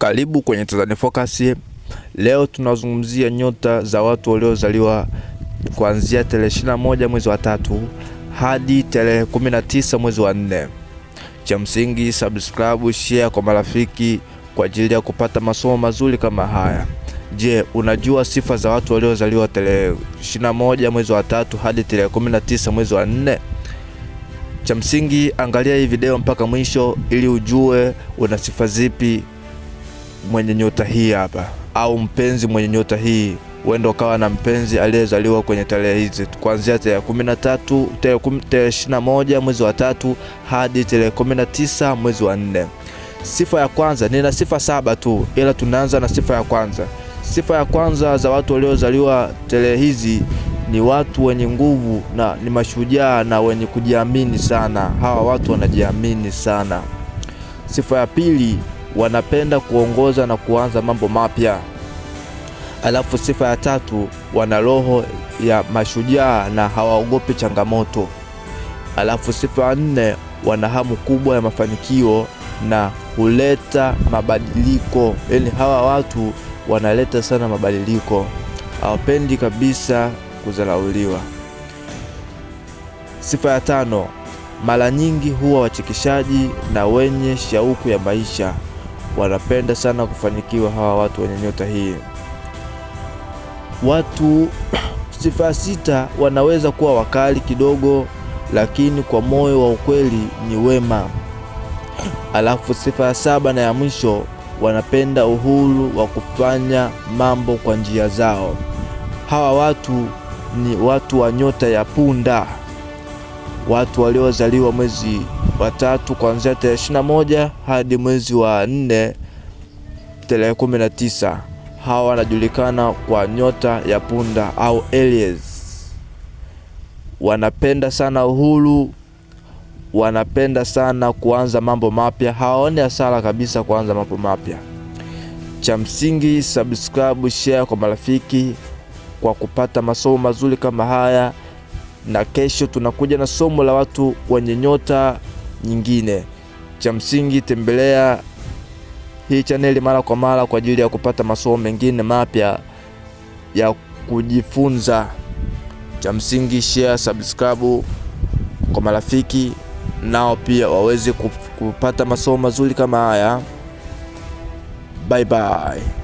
Karibu kwenye Tanzania Focus. Leo tunazungumzia nyota za watu waliozaliwa kuanzia tarehe 21 mwezi wa tatu hadi tarehe 19 mwezi wa nne. Cha msingi, subscribe, share kwa marafiki kwa ajili ya kupata masomo mazuri kama haya. Je, unajua sifa za watu waliozaliwa tarehe 21 mwezi wa tatu hadi tarehe 19 mwezi wa nne? Cha msingi, angalia hii video mpaka mwisho ili ujue una sifa zipi mwenye nyota hii hapa au mpenzi mwenye nyota hii uende ukawa na mpenzi aliyezaliwa kwenye tarehe hizi kuanzia tarehe kumi na tatu tarehe ishirini na moja mwezi wa tatu hadi tarehe kumi na tisa mwezi wa nne. Sifa ya kwanza, nina sifa saba tu, ila tunaanza na sifa ya kwanza. Sifa ya kwanza za watu waliozaliwa tarehe hizi ni watu wenye nguvu na ni mashujaa na wenye kujiamini sana. Hawa watu wanajiamini sana. Sifa ya pili wanapenda kuongoza na kuanza mambo mapya. Alafu sifa ya tatu, wana roho ya mashujaa na hawaogopi changamoto. Alafu sifa ya nne, wana hamu kubwa ya mafanikio na huleta mabadiliko. Yaani hawa watu wanaleta sana mabadiliko, hawapendi kabisa kudharauliwa. Sifa ya tano, mara nyingi huwa wachekeshaji na wenye shauku ya maisha wanapenda sana kufanikiwa hawa watu wenye nyota hii. Watu sifa sita wanaweza kuwa wakali kidogo, lakini kwa moyo wa ukweli ni wema. Alafu sifa ya saba na ya mwisho, wanapenda uhuru wa kufanya mambo kwa njia zao. Hawa watu ni watu wa nyota ya punda watu waliozaliwa mwezi wa tatu kuanzia tarehe ishirini na moja hadi mwezi wa nne tarehe kumi na tisa. Hawa wanajulikana kwa nyota ya punda au Aries. Wanapenda sana uhuru, wanapenda sana kuanza mambo mapya, hawaoni hasara kabisa kuanza mambo mapya. Cha msingi, subscribe, share kwa marafiki kwa kupata masomo mazuri kama haya na kesho tunakuja na somo la watu wenye nyota nyingine. Cha msingi, tembelea hii chaneli mara kwa mara kwa ajili ya kupata masomo mengine mapya ya kujifunza. Cha msingi, share, subscribe kwa marafiki nao pia waweze kupata masomo mazuri kama haya. Bye bye.